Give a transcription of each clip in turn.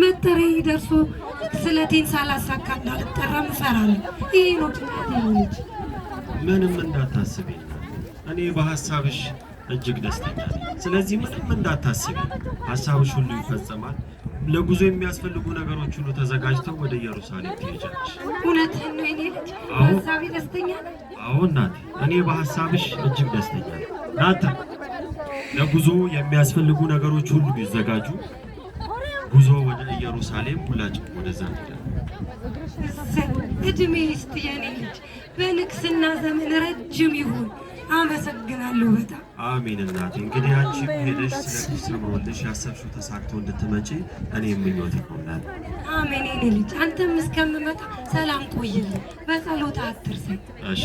መተረይ ደርሶ ስለቴን ሳላሳካ እንዳልጠራ እፈራለሁ። ይሄ ነው ጭንቀት። ልጅ ምንም እንዳታስቢ፣ እኔ በሀሳብሽ እጅግ ደስተኛ። ስለዚህ ምንም እንዳታስቢ፣ ሀሳብሽ ሁሉ ይፈጸማል። ለጉዞ የሚያስፈልጉ ነገሮች ሁሉ ተዘጋጅተው ወደ ኢየሩሳሌም ትሄጃለሽ። እውነትህን ነው የኔ ልጅ፣ በሀሳቤ ደስተኛ ነህ? አዎ እናቴ፣ እኔ በሀሳብሽ እጅግ ደስተኛ ነኝ። ናታ፣ ለጉዞ የሚያስፈልጉ ነገሮች ሁሉ ይዘጋጁ ጉዞ ወደ ኢየሩሳሌም ሁላችን ወደዛ ሄዳል። እድሜ ይስጥ የኔ ልጅ በንግስና ዘመን ረጅም ይሁን። አመሰግናለሁ በጣም አሜን። እናቴ እንግዲህ አንቺ ሄደሽ ስለሰምሮልሽ ሰምሮልሽ ያሰብሽው ተሳክቶ እንድትመጪ እኔ የምኞት ይሆናል። አሜን የኔ ልጅ አንተም እስከምመጣ ሰላም ቆይልን። በጸሎት አትርሰኝ እሺ።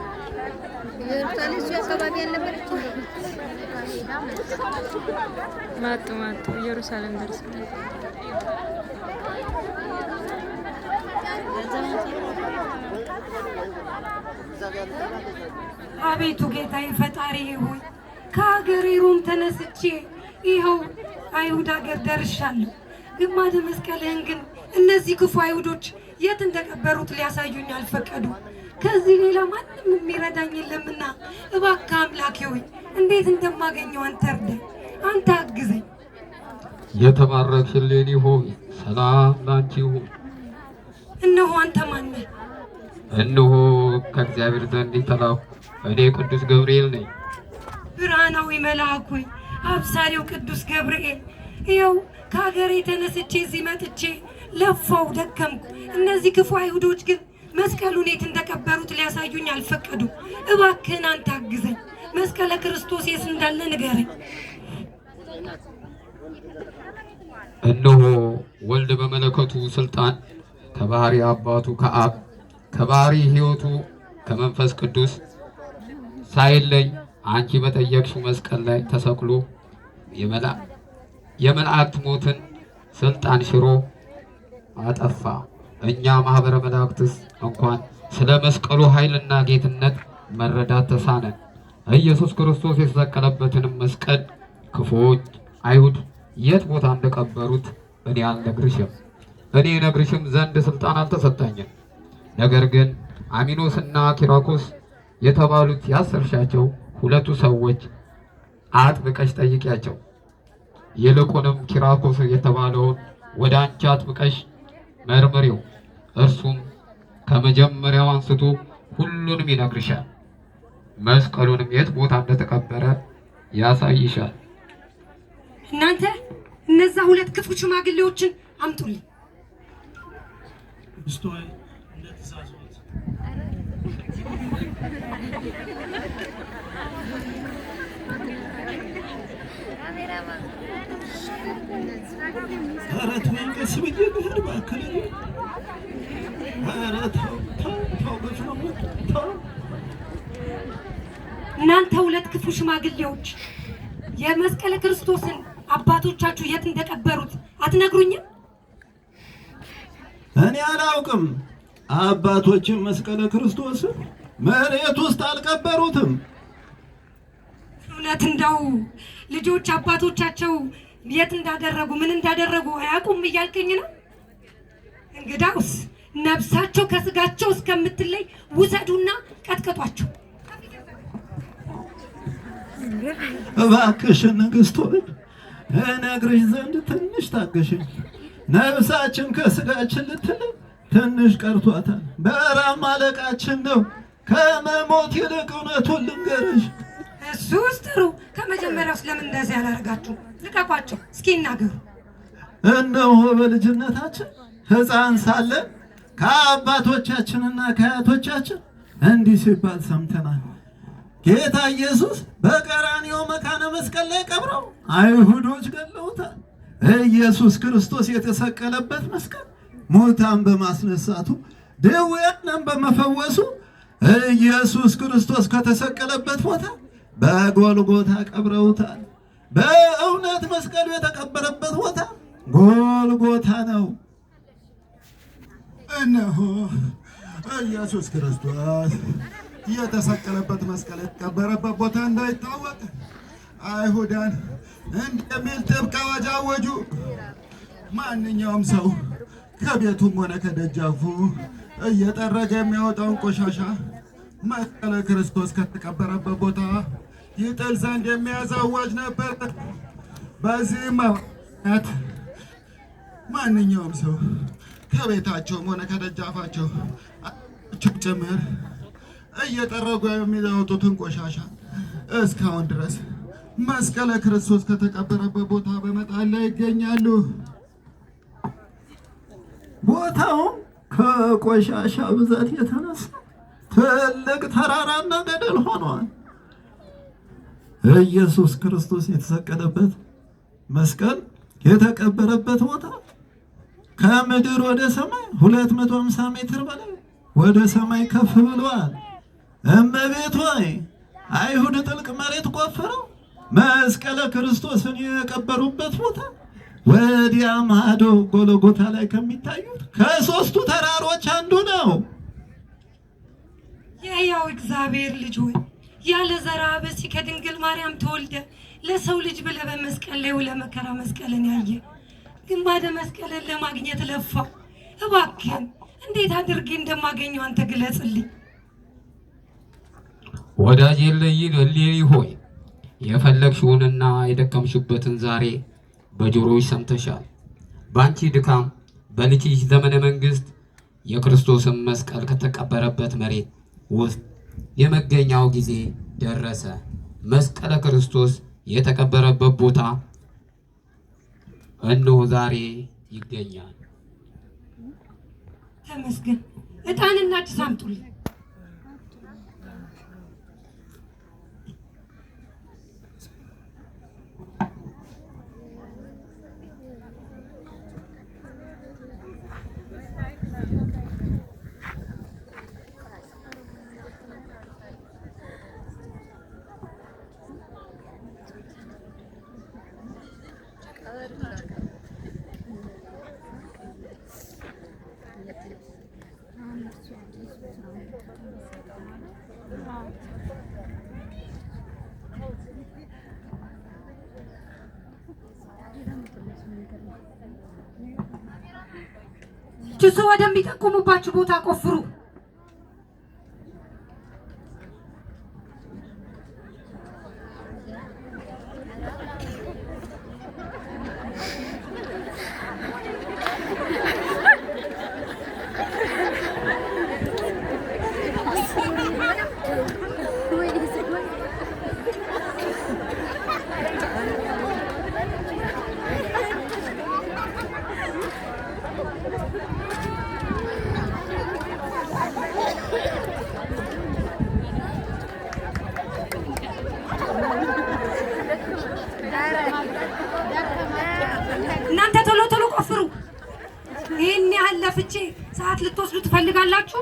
ማጡ ማጡ ኢየሩሳሌም ደርስ አቤቱ ጌታዬ ፈጣሪ ሆይ ከሀገሬ ሮም ተነስቼ ይኸው አይሁድ ሀገር ደርሻለሁ። ግማደ መስቀልህን ግን እነዚህ ክፉ አይሁዶች የት እንደቀበሩት ሊያሳዩኝ አልፈቀዱ። ከዚህ ሌላ ማንም የሚረዳኝ የለምና እባክህ አምላኬ ሆይ እንዴት እንደማገኘው አንተ እርዳኝ፣ አንተ አግዘኝ። የተባረክሽ ሆይ ሰላም ላንቺ ይሁን። እነሆ አንተ ማን ነህ? እነሆ ከእግዚአብሔር ዘንድ የተላኩ እኔ ቅዱስ ገብርኤል ነኝ። ብርሃናዊ መልአክ ሆይ አብሳሪው ቅዱስ ገብርኤል ይኸው ከሀገሬ ተነስቼ እዚህ መጥቼ ለፋው ደከምኩ። እነዚህ ክፉ አይሁዶች ግን መስቀሉን የት እንደከበሩት ሊያሳዩኝ አልፈቀዱ። እባክህን አንተ አግዘኝ፣ መስቀለ ክርስቶስ የት እንዳለ ንገረኝ። እነሆ ወልድ በመለከቱ ስልጣን ከባህሪ አባቱ ከአብ ከባህሪ ሕይወቱ ከመንፈስ ቅዱስ ሳይለይ አንቺ በጠየቅሽው መስቀል ላይ ተሰቅሎ የመላእክት ሞትን ስልጣን ሽሮ አጠፋ። እኛ ማህበረ መላእክትስ እንኳን ስለ መስቀሉ ኃይልና ጌትነት መረዳት ተሳነን። ኢየሱስ ክርስቶስ የተሰቀለበትንም መስቀል ክፉዎች አይሁድ የት ቦታ እንደቀበሩት እኔ አልነግርሽም እኔ ነግርሽም ዘንድ ስልጣን አልተሰጠኝም። ነገር ግን አሚኖስና ኪራኮስ የተባሉት ያሰርሻቸው ሁለቱ ሰዎች አጥብቀሽ ጠይቂያቸው። ይልቁንም ኪራኮስ የተባለውን ወደ አንቺ አጥብቀሽ መርምሪው፣ እርሱም ከመጀመሪያው አንስቶ ሁሉንም ይነግርሻል። መስቀሉንም የት ቦታ እንደተቀበረ ያሳይሻል። እናንተ እነዛ ሁለት ክፉ ሽማግሌዎችን አምጡልኝ። አራት ወይም ቀስ ብዬ ብሄድ ባክል እናንተ ሁለት ክፉ ሽማግሌዎች የመስቀለ ክርስቶስን አባቶቻችሁ የት እንደቀበሩት አትነግሩኝም? እኔ አላውቅም። አባቶችን መስቀለ ክርስቶስ መሬት ውስጥ አልቀበሩትም። እውነት እንደው ልጆች አባቶቻቸው የት እንዳደረጉ ምን እንዳደረጉ አያውቁም እያልከኝ ነው? እንግዳውስ ነብሳቸው ከስጋቸው እስከምትለይ ውሰዱና ቀጥቅጧቸው። እባክሽን ንግስቶ ሆይ እነግርሽ ዘንድ ትንሽ ታገሽኝ። ነብሳችን ከስጋችን ልትለይ ትንሽ ቀርቷታል። በራ ማለቃችን ነው። ከመሞት ይልቅ እውነቱን ልንገርሽ። እሱስ ጥሩ። ከመጀመሪያው ስለምን እንደዚህ አላደርጋችሁም? ልቀቋቸው እስኪ ይናገሩ። እነሆ በልጅነታችን ሕፃን ሳለን ከአባቶቻችንና ከአያቶቻችን እንዲህ ሲባል ሰምተናል። ጌታ ኢየሱስ በቀራንዮ መካነ መስቀል ላይ ቀብረው አይሁዶች ገለውታል። ኢየሱስ ክርስቶስ የተሰቀለበት መስቀል ሙታን በማስነሳቱ ድውያንን በመፈወሱ ኢየሱስ ክርስቶስ ከተሰቀለበት ቦታ በጎልጎታ ቀብረውታል። መስቀሉ የተቀበረበት ቦታ ጎልጎታ ነው። እነሆ ኢየሱስ ክርስቶስ የተሰቀለበት መስቀል የተቀበረበት ቦታ እንዳይታወቅ አይሁዳን እንደሚል ጥብቅ አዋጅ አወጁ። ማንኛውም ሰው ከቤቱም ሆነ ከደጃፉ እየጠረገ የሚያወጣውን ቆሻሻ መስቀለ ክርስቶስ ከተቀበረበት ቦታ ይጥል ዘንድ የሚያዝ አዋጅ ነበር። በዚህ ምክንያት ማንኛውም ሰው ከቤታቸውም ሆነ ከደጃፋቸው ጭምር እየጠረጉ የሚያወጡትን ቆሻሻ እስካሁን ድረስ መስቀለ ክርስቶስ ከተቀበረበት ቦታ በመጣል ላይ ይገኛሉ። ቦታውም ከቆሻሻ ብዛት የተነሳ ትልቅ ተራራና ገደል ሆኗል። ኢየሱስ ክርስቶስ የተሰቀለበት መስቀል የተቀበረበት ቦታ ከምድር ወደ ሰማይ 250 ሜትር በላይ ወደ ሰማይ ከፍ ብሏል። እመቤት ሆይ አይሁድ ጥልቅ መሬት ቆፍረው መስቀለ ክርስቶስን የቀበሩበት ቦታ ወዲያ ማዶ ጎለጎታ ላይ ከሚታዩት ከሶስቱ ተራሮች አንዱ ነው። የያው እግዚአብሔር ልጅ ሆይ ያለ ዘራ በሲ ከድንግል ማርያም ተወልደ ለሰው ልጅ ብለ በመስቀል ላይ ውለ መከራ መስቀልን ያየ ግንባደ መስቀልን ለማግኘት ለፋ። እባክህን እንዴት አድርጌ እንደማገኘው አንተ ግለጽልኝ። ወዳጅ የለይ እሌኒ ሆይ የፈለግሽውንና የደከምሽበትን ዛሬ በጆሮዎች ሰምተሻል። በአንቺ ድካም በልጅሽ ዘመነ መንግስት የክርስቶስን መስቀል ከተቀበረበት መሬት ውስጥ የመገኛው ጊዜ ደረሰ። መስቀለ ክርስቶስ የተቀበረበት ቦታ እነሆ ዛሬ ይገኛል። ተመስገን። እጣንና ጭስ አምጡልኝ። ብዙ ወደሚጠቁሙባችሁ ቦታ ቆፍሩ። ትፈልጋላችሁ?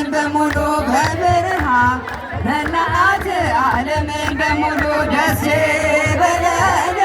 ዓለምን በሙሉ በብርሃ መላእክት ዓለምን በሙሉ ደሴ ይበለን።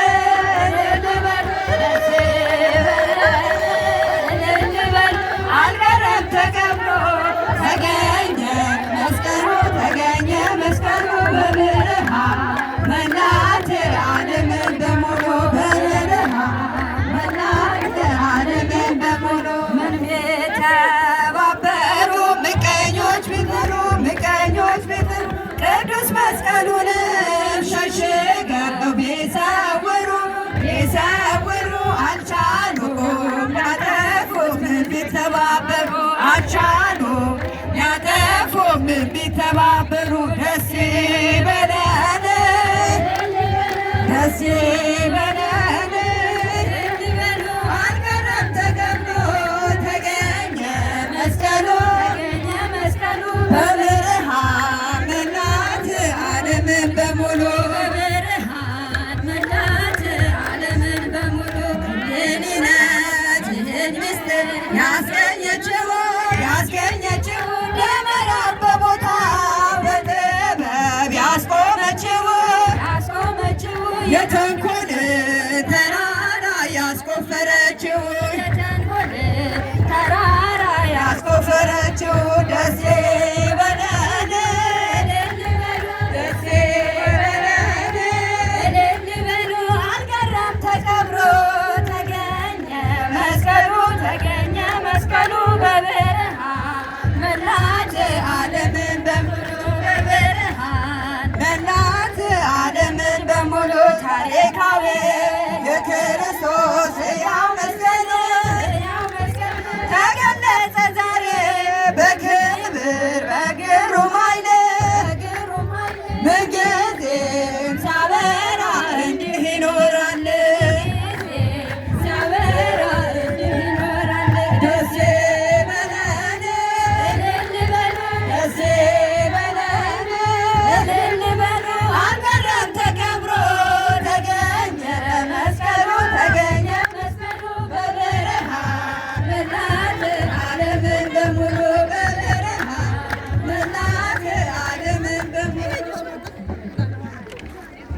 فرج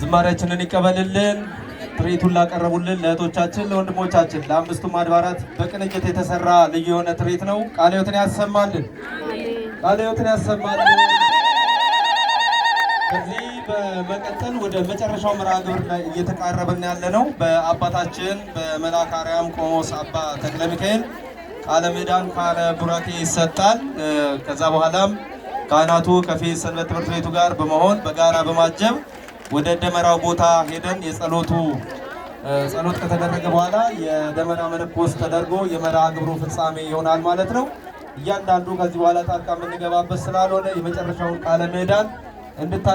ዝማሬያችንን ይቀበልልን። ትርኢቱን ላቀረቡልን ለእህቶቻችን፣ ለወንድሞቻችን ለአምስቱም አድባራት በቅንጅት የተሰራ ልዩ የሆነ ትርኢት ነው። ቃለ ሕይወትን ያሰማልን። ቃለ ሕይወትን ያሰማልን። ከዚህ በመቀጠል ወደ መጨረሻው መርሃ ግብር ላይ ያለ ነው። በአባታችን በመልአከ አርያም ቆሞስ አባ ተክለ ሚካኤል ቃለ ምዕዳን ቃለ ቡራኬ ይሰጣል። ከዛ በኋላም ካህናቱ ከፊት ሰንበት ትምህርት ቤቱ ጋር በመሆን በጋራ በማጀብ ወደ ደመራው ቦታ ሄደን የጸሎቱ ጸሎት ከተደረገ በኋላ የደመራ መለኮስ ተደርጎ የመርሃ ግብሩ ፍጻሜ ይሆናል ማለት ነው። እያንዳንዱ ከዚህ በኋላ ጣልቃ የምንገባበት ስላልሆነ የመጨረሻውን ቃለ ምዕዳን እንድታ